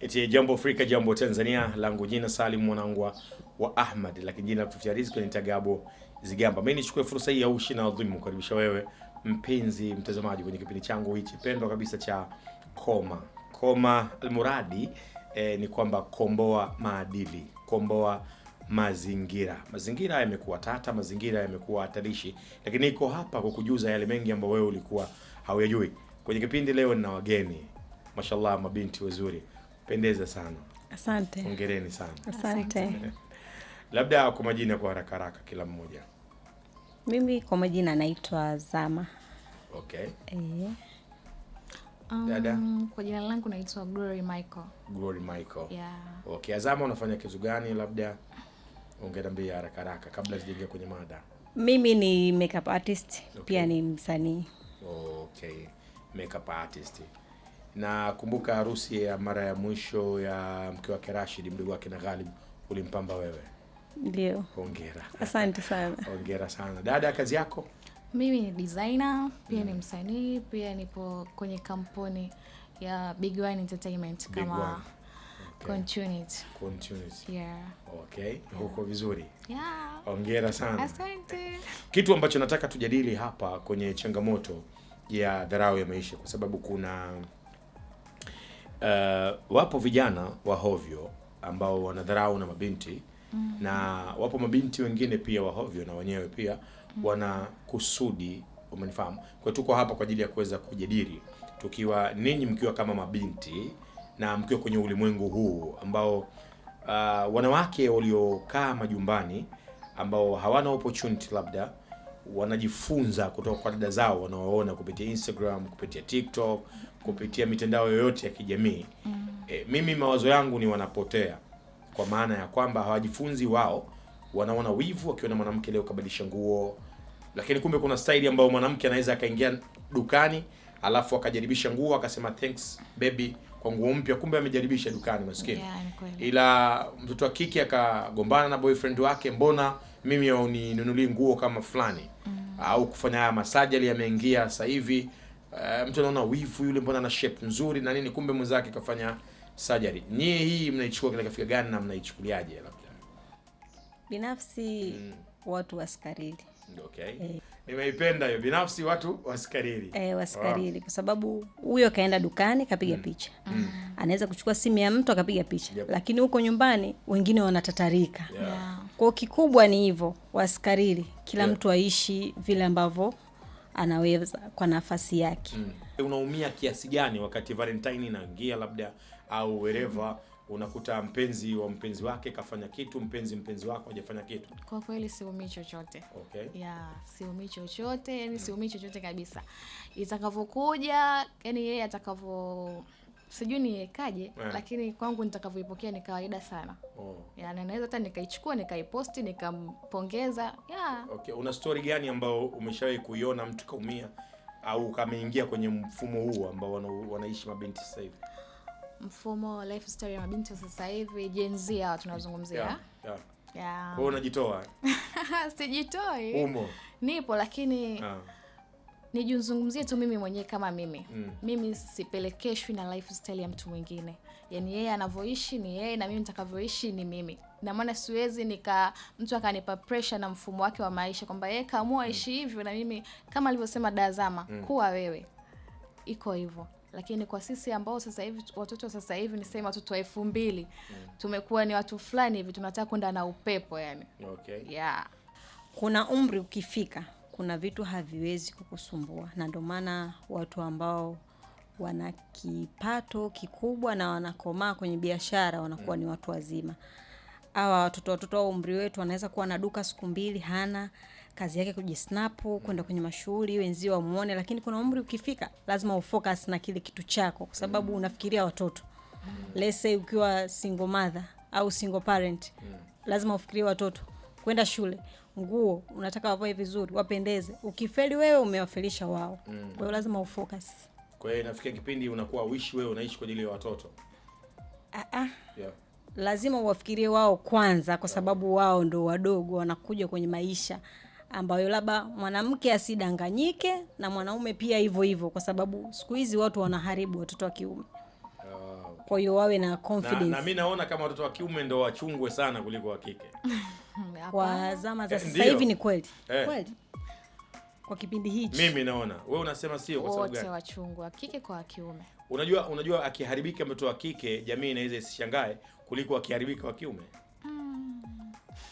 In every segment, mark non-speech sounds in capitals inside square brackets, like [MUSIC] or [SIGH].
Eti jambo Afrika, jambo Tanzania, langu jina Salim mwanangu wa Ahmad, lakini jina kutafutia riziki ni Tagabo Zigamba. Mimi nichukue fursa hii ya ushi na adhimu kukaribisha wewe mpenzi mtazamaji kwenye kipindi changu hichi pendwa kabisa cha Koma Koma. Almuradi eh, ni kwamba komboa maadili, komboa mazingira. Mazingira yamekuwa tata, mazingira yamekuwa hatarishi, lakini iko hapa kukujuza yale mengi ambayo wewe ulikuwa hauyajui. Kwenye kipindi leo nina wageni mashallah, mabinti wazuri Pendeza sana. Asante. Hongereni sana. Asante. [LAUGHS] Labda kwa majina kwa haraka haraka kila mmoja. Mimi kwa majina naitwa Zama. Okay. Eh. Um, dada. Kwa jina langu naitwa Glory Michael. Glory Michael. Yeah. Okay, Azama unafanya kitu gani labda? Ungeniambia haraka haraka kabla sijaingia kwenye mada. Mimi ni makeup artist, okay. Pia ni msanii. Okay. Makeup artist na kumbuka harusi ya mara ya mwisho ya mke wake Rashid, mdogo wake na Ghalib, ulimpamba wewe? Ndio. Hongera. Asante sana. [LAUGHS] Hongera sana. Dada, kazi yako? Mimi ni designer pia, hmm, ni mm. msanii pia, nipo kwenye kampuni ya Big One Entertainment kama Continuity. Continuity. Yeah. Okay. Yeah. Huko vizuri. Yeah. Hongera sana. Asante. Kitu ambacho nataka tujadili hapa kwenye changamoto ya dharau ya maisha kwa sababu kuna uh, wapo vijana wa hovyo ambao wanadharau na mabinti mm -hmm. na wapo mabinti wengine pia wa hovyo na wenyewe pia mm -hmm. wana kusudi, umenifahamu. Kwa tuko hapa kwa ajili ya kuweza kujadili, tukiwa ninyi mkiwa kama mabinti na mkiwa kwenye ulimwengu huu ambao uh, wanawake waliokaa majumbani ambao hawana opportunity labda wanajifunza kutoka kwa dada zao wanaoona kupitia Instagram, kupitia TikTok, kupitia mitandao yoyote ya kijamii mm. E, mimi mawazo yangu ni wanapotea, kwa maana ya kwamba hawajifunzi wao, wanaona wivu. Akiona mwanamke leo kabadilisha nguo, lakini kumbe kuna staili ambayo mwanamke anaweza akaingia dukani alafu akajaribisha nguo akasema thanks baby kwa nguo mpya, kumbe amejaribisha dukani maskini. Yeah, ila mtoto wa kike akagombana na boyfriend wake, mbona mimi uninunulie nguo kama fulani mm. au kufanya haya masajali yameingia sasa hivi. Uh, mtu anaona wivu yule, mbona ana shape nzuri na nini, kumbe mwenzake kafanya surgery. Nyie hii mnaichukua kafika gani na mnaichukuliaje? Labda binafsi mm. watu wasikarili Okay. Eh. Nimeipenda hiyo binafsi, watu wasikariri e, wasikariri wow. Kwa sababu huyo kaenda dukani kapiga mm. picha mm. anaweza kuchukua simu ya mtu akapiga picha yep. Lakini huko nyumbani wengine wanatatarika yeah. Yeah. Kwao kikubwa ni hivyo, wasikariri, kila yeah. mtu aishi vile ambavyo anaweza kwa nafasi yake mm. Unaumia kiasi gani wakati Valentine inaingia labda au wereva mm unakuta mpenzi wa mpenzi wake kafanya kitu, mpenzi mpenzi wako hajafanya kitu. Kwa kweli siumii chochote okay. Yeah, siumii chochote yani, mm. siumii chochote kabisa itakavyokuja, yani yeye atakavyo sijui niwekaje yeah. Lakini kwangu nitakavyoipokea ni kawaida sana oh. Yeah, naweza hata nikaichukua nikaiposti nikampongeza yeah. Okay. Una story gani ambayo umeshawahi kuiona mtu kaumia au kameingia kwenye mfumo huu ambao wanaishi mabinti sasa hivi? mfumo lifestyle ya mabinti sasa hivi Gen Z tunazungumzia yeah, yeah. yeah. Wewe unajitoa? [LAUGHS] Sijitoi. Umo. Nipo lakini yeah. Nijizungumzie tu mimi mwenyewe kama mimi mm. Mimi sipelekeshwi na lifestyle ya mtu mwingine, yaani yeye anavyoishi ni yeye na mimi nitakavyoishi ni mimi, na maana siwezi nika mtu akanipa pressure na mfumo wake wa maisha kwamba yeye kaamua ishi mm. hivyo na mimi kama alivyosema Dazama mm. kuwa wewe iko hivyo lakini kwa sisi ambao sasa hivi watoto sasa hivi sema watoto wa elfu mbili mm. tumekuwa ni watu fulani hivi tunataka kwenda na upepo yani. Okay. Yeah. Kuna umri ukifika, kuna vitu haviwezi kukusumbua, na ndio maana watu ambao wana kipato kikubwa na wanakomaa kwenye biashara wanakuwa mm. ni watu wazima. Hawa watoto watoto wa umri wetu wanaweza kuwa na duka siku mbili hana kazi yake kujisnapu kwenda kwenye mashughuli wenzio wamuone, lakini kuna umri ukifika lazima ufocus na kile kitu chako, kwa sababu mm. unafikiria watoto. Mm. Let's say ukiwa single mother au single parent, mm. lazima ufikirie watoto, kwenda shule, nguo, unataka wavae vizuri, wapendeze. Ukifeli wewe umewafelisha wao, kwa hiyo lazima ufocus. Kwa hiyo inafikia kipindi unakuwa wish wewe unaishi kwa ajili ya watoto. Ah ah. Yeah. Lazima uwafikirie wao kwanza, kwa sababu wao ndo wadogo, wanakuja kwenye maisha ambayo labda mwanamke asidanganyike na mwanaume pia hivyo hivyo, kwa sababu siku hizi watu wanaharibu watoto wa kiume. Oh. Kwa hiyo wawe na confidence. Na, na mimi naona kama watoto wa kiume ndo wachungwe sana kuliko wa kike [LAUGHS] kwa zama za eh, sasa hivi. Ni kweli eh. kweli, kwa kipindi hichi mimi naona. Wewe unasema sio? Kwa sababu gani? Wote wachungwe, wa kike kwa wa kiume. Unajua, unajua akiharibika mtoto wa kike jamii inaweza isishangae kuliko akiharibika wa kiume.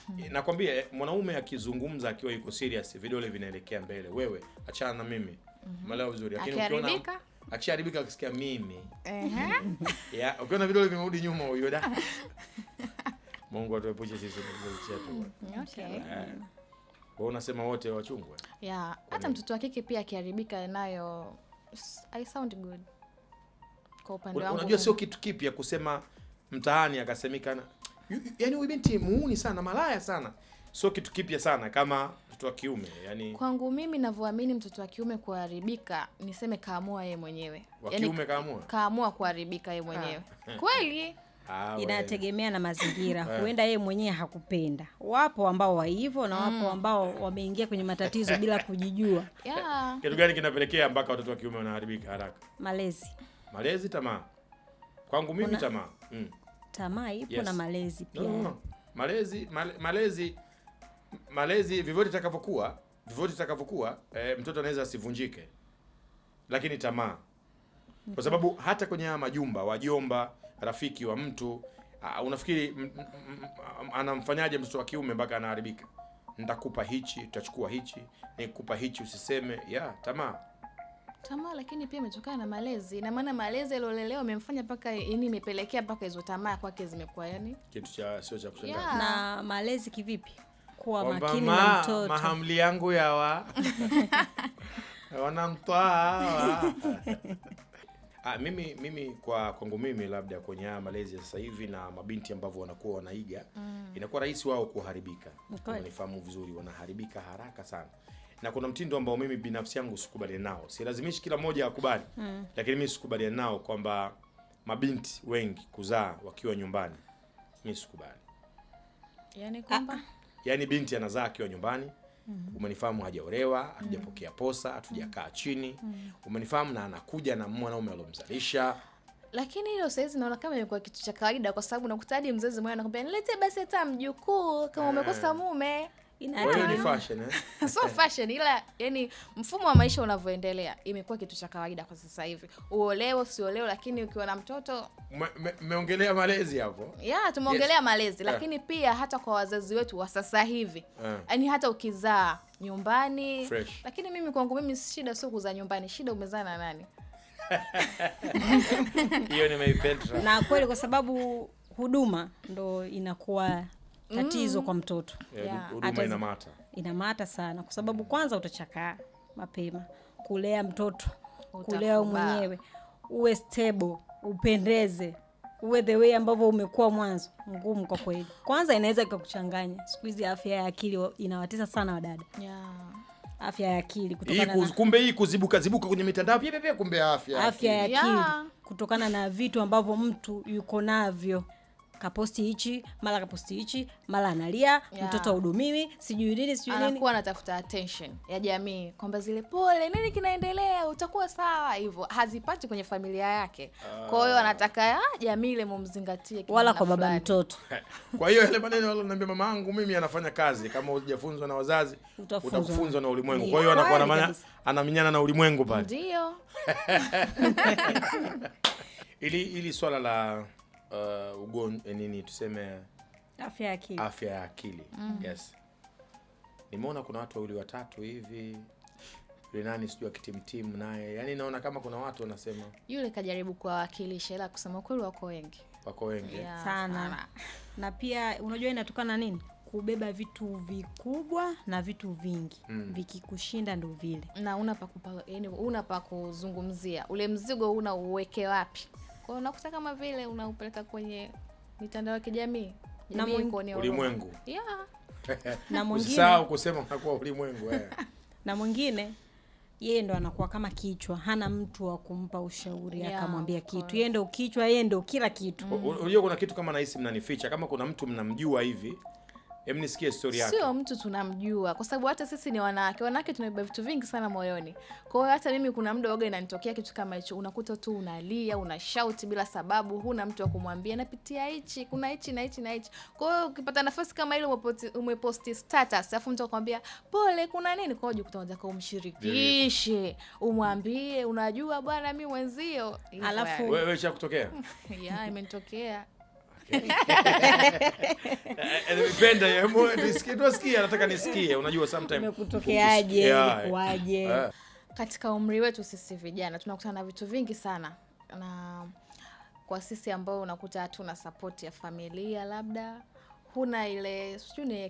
Hmm. Eh, nakwambia eh, mwanaume akizungumza akiwa yuko serious, vidole vinaelekea mbele. Wewe achana na mimi. Mhm. Umeelewa vizuri. Lakini ukiona akisharibika akisikia mimi. Eh. [LAUGHS] ya, ukiona vidole vimerudi nyuma huyo da. [LAUGHS] Mungu atuepushe sisi na vidole chetu. Okay. Eh. Wewe unasema wote wachungwe? Yeah, hata mtoto wa kike pia akiharibika nayo I sound good. Kwa upande wangu. Unajua sio kitu kipya kusema mtaani akasemekana yani huyu binti muuni sana, malaya sana, sio kitu kipya sana kama mtoto wa kiume yani. Kwangu mimi navyoamini mtoto wa kiume kuharibika, niseme kaamua yeye mwenyewe, wa yani, kiume kaamua kaamua kuharibika yeye mwenyewe ah. [LAUGHS] kweli. Ah, inategemea na mazingira. [LAUGHS] Eh. Huenda yeye mwenyewe hakupenda. Wapo ambao wa hivyo na wapo mm. ambao wameingia kwenye matatizo bila kujijua. [LAUGHS] Yeah. Kitu gani kinapelekea mpaka watoto wa kiume wanaharibika haraka? Malezi, malezi, tamaa. Kwangu mimi tamaa. Mm tamaa ipo yes. na malezi pia no, no, no. Malezi, male, malezi malezi vyovyote itakavyokuwa vyovyote itakavyokuwa e, eh, mtoto anaweza asivunjike, lakini tamaa Kwa sababu hata kwenye haya majumba, wajomba, rafiki wa mtu uh, unafikiri anamfanyaje mtoto wa kiume mpaka anaharibika? Nitakupa hichi, tutachukua hichi, nikupa hichi, usiseme ya tamaa tamaa, lakini pia imetokana na malezi, na maana malezi aliolelewa amemfanya mpaka yani, imepelekea mpaka hizo tamaa kwake zimekuwa yani kitu cha sio cha kushangaza. Yeah. Na malezi kivipi? Kuwa makini na mtoto. Mahamli yangu yawa hawa Ha, mimi mimi kwa kwangu mimi labda kwenye haya malezi ya sasa hivi na mabinti ambavyo wanakuwa wanaiga mm. Inakuwa rahisi wao kuharibika, nifahamu vizuri, wanaharibika haraka sana na kuna mtindo ambao mimi binafsi yangu sikubaliani nao. Silazimishi kila mmoja akubali mm. Lakini mimi sikubaliani nao kwamba mabinti wengi kuzaa wakiwa nyumbani, mimi sikubali. Yani kwamba ah, ah. yani binti anazaa akiwa nyumbani mm. Umenifahamu, hajaolewa, hatujapokea hmm. posa, hatujakaa chini mm. Umenifahamu, na anakuja na mwanaume alomzalisha lakini hilo saa hizi naona kama imekuwa kitu cha kawaida, kwa sababu nakuta hadi mzazi mwenyewe anakwambia niletee basi hata mjukuu kama umekosa eh. mume Eh? [LAUGHS] So fashion ila yani mfumo wa maisha unavyoendelea imekuwa kitu cha kawaida kwa sasa hivi, uoleo sioleo, lakini ukiwa na mtoto. Mmeongelea malezi hapo ya yeah, tumeongelea yes, malezi eh. lakini pia hata kwa wazazi wetu wa sasa hivi yeah. yani hata ukizaa nyumbani Fresh. Lakini mimi kwangu mimi shida sio kuzaa nyumbani, shida umezaa na nani? [LAUGHS] Hiyo nimeipenda na kweli, kwa sababu huduma ndo inakuwa tatizo mm. kwa mtoto yeah. Yeah. inamata, inamata sana kwa sababu mm. kwanza utachakaa mapema. Kulea mtoto kulea mwenyewe, uwe stable, upendeze, uwe the way ambavyo umekuwa mwanzo, ngumu kwa kweli. Kwanza inaweza ikakuchanganya. Siku hizi afya ya akili inawatesa sana wadada yeah. Afya ya akili kutokana na kumbe hii kuzibuka zibuka kwenye mitandao pia pia, kumbe afya afya ya akili yeah. kutokana na vitu ambavyo mtu yuko navyo kaposti hichi mara kaposti hichi mara analia yeah. Mtoto ahudumiwi sijui nini sijui nini, anakuwa anatafuta attention ya jamii kwamba zile pole nini kinaendelea, utakuwa sawa, hivyo hazipati kwenye familia yake. Kwa hiyo anataka ah, jamii ile mumzingatie, wala kwa baba mtoto. [LAUGHS] Kwa hiyo ile maneno alonambia mama yangu mimi anafanya kazi, kama hujafunzwa na wazazi utafunzwa na ulimwengu. Kwa hiyo anakuwa anafanya anaminyana na ulimwengu pale, ndio [LAUGHS] ili ili swala la uh, ugonjwa eh, nini tuseme afya ya akili, afya ya akili. Mm. Yes, nimeona kuna watu wawili watatu hivi nani sijui akitimtimu naye, yaani naona kama kuna watu wanasema yule kajaribu kuwawakilisha, ila kusema kweli wako wengi, wako wengi yeah, sana, sana. Na pia unajua inatokana nini kubeba vitu vikubwa na vitu vingi mm. Vikikushinda ndo vile na una pa kupa, yani una pa kuzungumzia ule mzigo una uweke wapi? Kwa hiyo unakuta kama vile unaupeleka kwenye mitandao ya kijamii na ulimwengu. Yeah. [LAUGHS] na mwingine usisahau kusema unakuwa ulimwengu eh. na mwingine yeye ndo anakuwa kama kichwa, hana mtu wa kumpa ushauri yeah, akamwambia kitu. Yeye ndo kichwa, yeye ndo kila kitu. Unajua mm. kuna kitu kama nahisi mnanificha, kama kuna mtu mnamjua hivi Hebu nisikie story yake. Sio mtu tunamjua, kwa sababu hata sisi ni wanawake, wanawake tunabeba vitu vingi sana moyoni. Kwa hiyo hata mimi kuna muda waga inanitokea kitu kama hicho, unakuta tu unalia, una shout bila sababu, huna mtu wa kumwambia napitia hichi, kuna hichi na hichi na hichi. Kwa hiyo ukipata nafasi kama ile umeposti status, afu mtu akwambia pole, kuna nini? Kwa hiyo unataka umshirikishe, umwambie, unajua bwana, mimi mwenzio. Alafu wewe, kutokea? [LAUGHS] Yeah, imenitokea Nimependa, tusikie, nataka nisikie. Unajua sometimes imekutokeaje, ilikuwaje? Katika umri wetu sisi vijana tunakutana na vitu vingi sana, na kwa sisi ambao unakuta hatuna support ya familia, labda huna ile sijui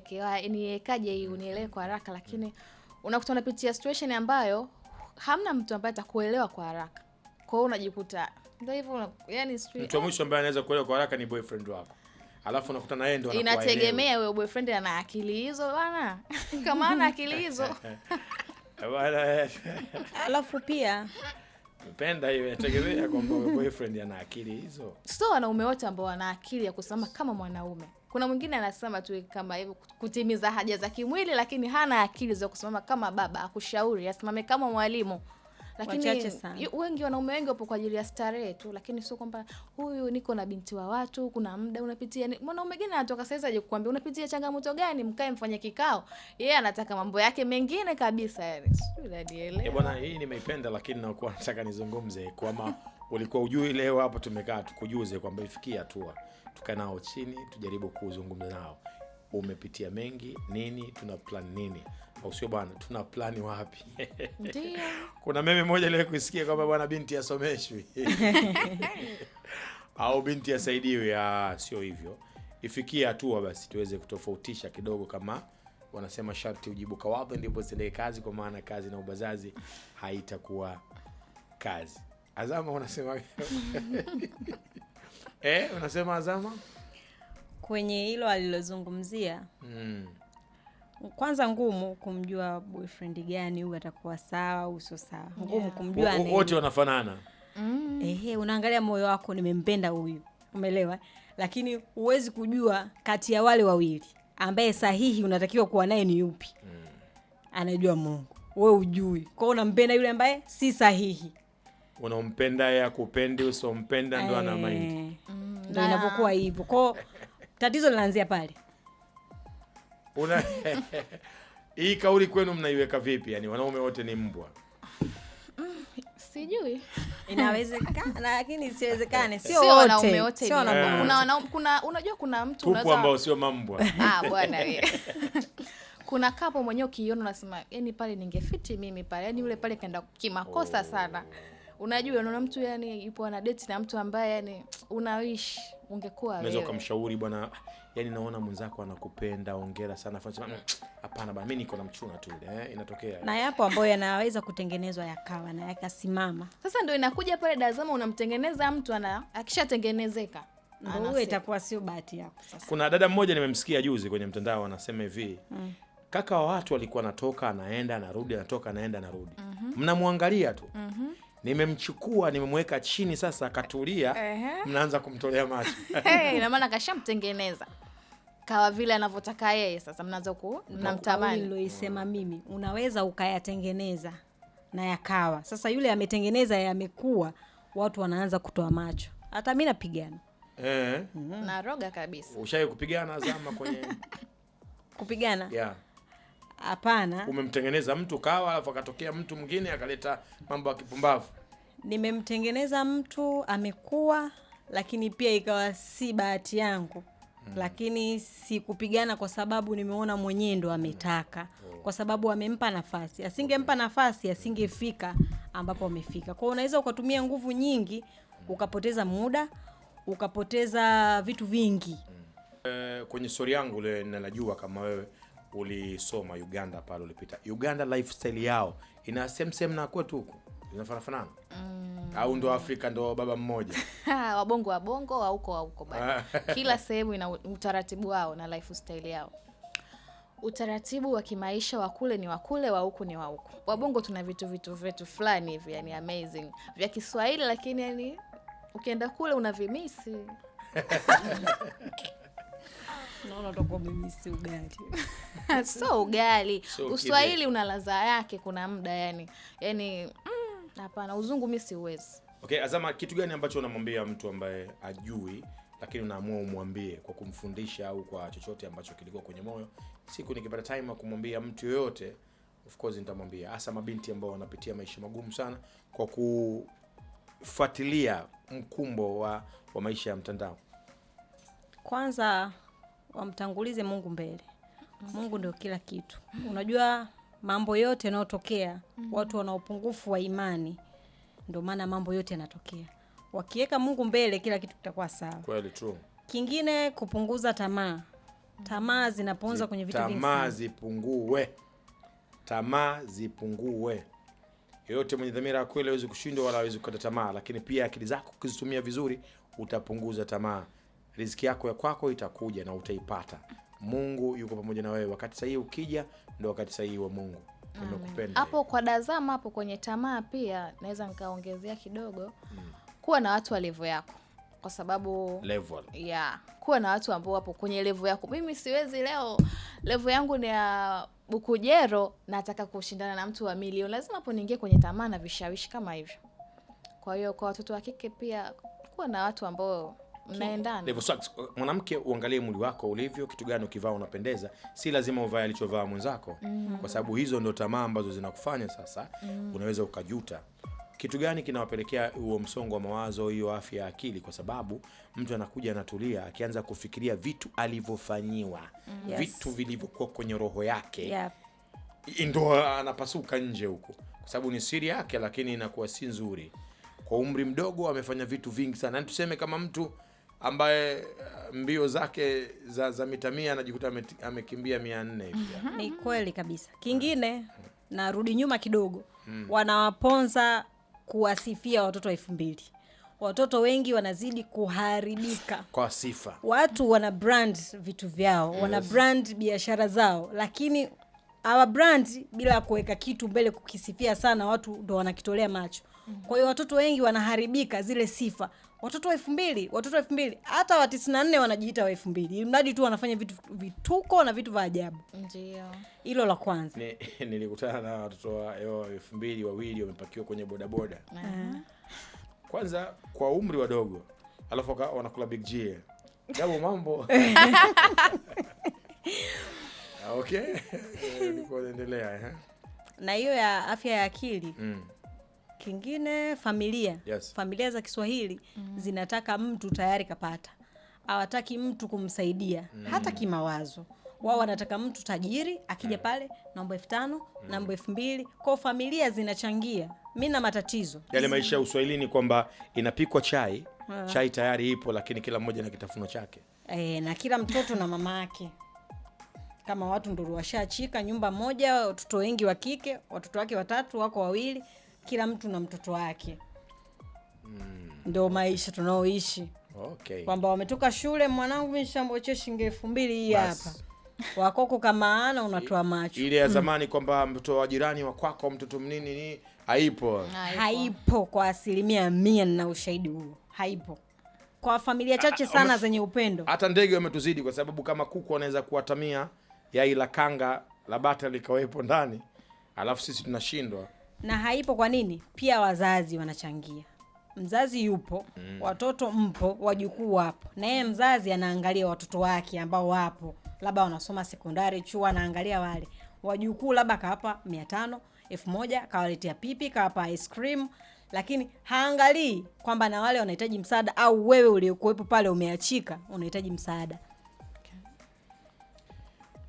niwekaje hii unielewe kwa haraka, lakini unakuta unapitia situation ambayo hamna mtu ambaye atakuelewa kwa haraka kwa hiyo unajikuta ndio hivyo, yani sijui. Mtu ah. mwisho ambaye anaweza kuelewa kwa haraka ni boyfriend wako. Alafu unakuta na yeye ndio anakuwa. Inategemea wewe boyfriend ana akili hizo bana. [LAUGHS] Kama ana akili hizo. [LAUGHS] Eh. Alafu pia penda hiyo inategemea kwamba boyfriend ana akili hizo. Sio wanaume wote ambao wana akili ya kusema kama mwanaume. Kuna mwingine anasema tu kama hivyo kutimiza haja za kimwili, lakini hana akili za kusimama kama baba, akushauri, asimame kama mwalimu lakini wengi wanaume wengi wapo kwa ajili ya starehe tu, lakini sio kwamba huyu niko na binti wa watu, kuna muda unapitia. Mwanaume gani anatoka sasa aje kukwambia unapitia changamoto gani, mkae mfanye kikao? Yeye yeah, anataka mambo yake mengine kabisa yani. Eh, bwana, hii nimeipenda, lakini nakuwa nataka nizungumze kwama ulikuwa ujui, leo hapo tumekaa tukujuze kwamba ifikie hatua tukae nao chini tujaribu kuzungumza nao umepitia mengi nini, tuna plan nini, au sio bwana? Tuna plani wapi? Ndio [LAUGHS] kuna meme moja ile kuisikia kwamba bwana, binti asomeshwi [LAUGHS] au binti asaidiwe. Ah, sio hivyo, ifikie hatua basi tuweze kutofautisha kidogo, kama wanasema sharti ujibu kawadhi ndipo zitendeke kazi, kwa maana kazi na ubazazi haitakuwa kazi. Azama unasema [LAUGHS] eh, unasema Azama kwenye hilo alilozungumzia mm. Kwanza ngumu kumjua boyfriend gani huyu atakuwa sawa au sio sawa, ngumu yeah. kumjua wote wanafanana mm. Ehe, unaangalia moyo wako, nimempenda huyu, umeelewa, lakini huwezi kujua kati ya wale wawili ambaye sahihi unatakiwa kuwa naye ni yupi mm. Anajua Mungu, we ujui, kwao unampenda yule ambaye si sahihi unampenda yeye akupendi, usompenda ndo ana mind, eh. mm. ndo inavyokuwa hivyo kwao. Tatizo linaanzia pale. Una [LAUGHS] hii kauli kwenu mnaiweka vipi? Yaani wanaume wote ni mbwa. Sijui. Inawezekana lakini siwezekane Sio wote. Sio wanaume. Kuna kuna unajua kuna mtu unaweza ambao sio mambwa. Ah, bwana wewe. Eh. [LAUGHS] Kuna kapo mwenyewe ukiiona unasema yani pale ningefiti mimi pale. Yaani yule pale kaenda kimakosa oh, sana. Unajua unaona mtu yani yupo ana date na mtu ambaye yani unaishi ungekuwa unaweza ukamshauri bwana, yani naona mwenzako anakupenda, ongera sana. Mm, hapana bwana, mimi niko na mchuna tu ile eh, inatokea. Na yapo ambayo yanaweza kutengenezwa yakawa na yakasimama. Sasa ndio inakuja pale dazama, unamtengeneza mtu ana akishatengenezeka ndio itakuwa sio bahati yako. Sasa kuna dada mmoja nimemsikia juzi kwenye mtandao anasema hivi mm. Kaka wa watu alikuwa anatoka anaenda anarudi, anatoka anaenda anarudi, mhm. mnamwangalia mm -hmm. tu mm -hmm nimemchukua nimemweka chini, sasa akatulia. Mnaanza kumtolea macho [LAUGHS] hey, ina maana kashamtengeneza kawa vile anavyotaka yeye. Sasa mnaanza ku mnamtamani niloisema mimi, unaweza ukayatengeneza na yakawa sasa, yule ametengeneza yamekuwa, watu wanaanza kutoa macho. Hata mi napigana eh, mhm. roga kabisa. Ushawahi kupigana zama kwenye [LAUGHS] kupigana? yeah. Hapana, umemtengeneza mtu kawa, alafu akatokea mtu mwingine akaleta mambo ya kipumbavu nimemtengeneza mtu amekuwa, lakini pia ikawa si bahati yangu hmm. Lakini sikupigana kwa sababu nimeona mwenyewe ndo ametaka, hmm. kwa sababu amempa nafasi. Asingempa nafasi asingefika ambapo amefika. Kwao unaweza ukatumia nguvu nyingi hmm. ukapoteza muda ukapoteza vitu vingi. E, kwenye stori yangu ile najua kama wewe ulisoma Uganda pale ulipita Uganda, lifestyle yao ina same same na kwetu huko Zinafanana mm. au ndo Afrika ndo baba mmoja [LAUGHS] wabongo wabongo wa huko wa huko ah. [LAUGHS] kila sehemu ina utaratibu wao na lifestyle yao. Utaratibu wa kimaisha wa kule ni wa kule, wa huku ni wa huku. Wabongo tuna vitu vitu vyetu fulani hivi yani amazing vya Kiswahili, lakini yani ukienda kule unavimisi [LAUGHS] so ugali, Uswahili una ladha yake, kuna muda yani yani mm, Hapana, uzungu mimi siwezi. Okay, Azama, kitu gani ambacho unamwambia mtu ambaye ajui lakini unaamua umwambie kwa kumfundisha au kwa chochote ambacho kilikuwa kwenye moyo? Siku nikipata time ya kumwambia mtu yoyote, of course nitamwambia, hasa mabinti ambao wanapitia maisha magumu sana kwa kufuatilia mkumbo wa, wa maisha ya mtandao. Kwanza wamtangulize Mungu mbele. Mm. Mungu ndio kila kitu. Unajua mambo yote yanayotokea mm -hmm. watu wana upungufu wa imani, ndio maana mambo yote yanatokea. Wakiweka Mungu mbele, kila kitu kitakuwa sawa. Kweli tu. Kingine kupunguza tamaa, tamaa zinaponza kwenye vitu vingi. Tamaa zipungue, tamaa zipungue. Yoyote mwenye dhamira ya kweli hawezi kushindwa wala hawezi kukata tamaa, lakini pia akili zako ukizitumia vizuri utapunguza tamaa. Riziki yako ya kwako itakuja na utaipata. Mungu yuko pamoja na wewe. Wakati sahihi ukija, ndio wakati sahihi wa Mungu. Nimekupenda hapo kwa dazama hapo kwenye tamaa. Pia naweza nikaongezea kidogo mm. kuwa na watu wa levo yako kwa sababu level. Yeah, kuwa na watu ambao wapo kwenye levo yako. Mimi siwezi leo, levo yangu ni ya Bukujero, nataka kushindana na mtu wa milioni, lazima hapo niingie kwenye tamaa na vishawishi kama hivyo. Kwa hiyo kwa watoto wa kike pia kuwa na watu ambao mnaendana. mwanamke uangalie mwili wako ulivyo, kitu gani ukivaa unapendeza. Si lazima uvae alichovaa mwenzako mm. kwa sababu hizo ndo tamaa ambazo zinakufanya sasa mm. unaweza ukajuta kitu gani kinawapelekea huo msongo wa mawazo, hiyo afya ya akili? Kwa sababu mtu anakuja anatulia, akianza kufikiria vitu alivyofanyiwa mm. yes. vitu vilivyokuwa kwenye roho yake yeah. ndo anapasuka nje huko, kwa sababu ni siri yake, lakini inakuwa si nzuri. Kwa umri mdogo amefanya vitu vingi sana, yani tuseme kama mtu ambaye eh, mbio zake za, za mita mia anajikuta amekimbia mia nne hivi. Mhm. Ni kweli kabisa. Kingine narudi nyuma kidogo hmm. Wanawaponza kuwasifia watoto elfu mbili. Watoto wengi wanazidi kuharibika kwa sifa. Watu wana brand vitu vyao yes. Wana brand biashara zao, lakini hawa brand bila kuweka kitu mbele, kukisifia sana, watu ndo wanakitolea macho. Kwa hiyo watoto wengi wanaharibika zile sifa. Watoto wa elfu mbili, watoto wa elfu mbili, hata wa tisini na nne wanajiita wa elfu mbili, mradi tu wanafanya vitu vituko na vitu vya ajabu. Ndio hilo la kwanza. [LAUGHS] Nilikutana na watoto wa elfu mbili wawili wamepakiwa kwenye bodaboda, uh-huh. kwanza kwa umri wadogo, alafu wanakula big G jabu mambo [LAUGHS] ah, okay. [LAUGHS] Endelea eh. na hiyo ya afya ya akili mm kingine familia yes. Familia za Kiswahili mm. zinataka mtu tayari kapata, hawataki mtu kumsaidia mm. hata kimawazo wao wanataka mtu tajiri akija eh. pale namba elfu tano mm. namba elfu mbili kwao, familia zinachangia. Mi na matatizo yale maisha ya uswahilini kwamba inapikwa chai ha. chai tayari ipo, lakini kila mmoja na kitafuno chake e, na kila mtoto na mama yake. Kama watu ndo washachika nyumba moja, watoto wengi wa kike, watoto wake watatu wako wawili kila mtu na mtoto wake mm. Ndo maisha tunaoishi okay. Kwamba wametoka shule, mwanangu mimi shilingi elfu mbili hii hapa wakoko kama ana unatoa macho ile ya hmm. zamani mm. kwamba mtoto wa jirani wa kwako mtoto mnini ni haipo, haipo kwa asilimia mia, na ushahidi huo haipo kwa familia chache sana ume... zenye upendo. Hata ndege wametuzidi kwa sababu kama kuku wanaweza kuwatamia yai la kanga la bata likawepo ndani, alafu sisi tunashindwa na haipo. Kwa nini? Pia wazazi wanachangia. Mzazi yupo mm. watoto mpo, wajukuu wapo, na yeye mzazi anaangalia watoto wake ambao wapo labda wanasoma sekondari, chuo, anaangalia wale wajukuu, labda kawapa mia tano elfu moja kawaletea pipi, kawapa ice cream, lakini haangalii kwamba na wale wanahitaji msaada, au wewe uliokuwepo pale umeachika unahitaji msaada.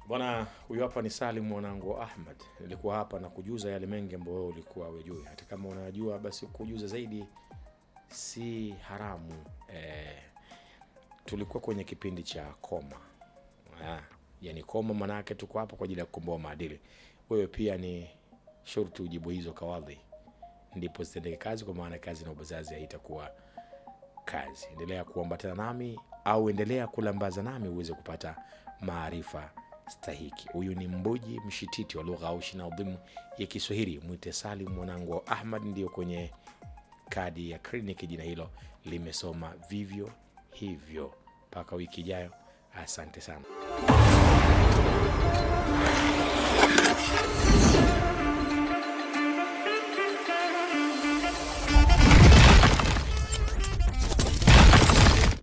Bwana, huyu hapa ni Salim mwanangu wa Ahmad. Nilikuwa hapa na kujuza yale mengi ambayo wewe ulikuwa hujui. Hata kama unajua, basi kujuza zaidi si haramu. Eh, tulikuwa kwenye kipindi cha koma ha, ah, yani koma manake tuko hapa kwa ajili ya kukomboa maadili. Wewe pia ni shurti ujibu hizo kawadhi, ndipo zitendeke kazi, kwa maana kazi na ubazazi haitakuwa kazi. Endelea kuambatana nami au endelea kulambaza nami uweze kupata maarifa stahiki. Huyu ni mbuji mshititi wa lugha au shina adhimu ya Kiswahili. Mwite Salim mwanangu wa Ahmad, ndio kwenye kadi ya kliniki. Jina hilo limesoma vivyo hivyo. Mpaka wiki ijayo, asante sana.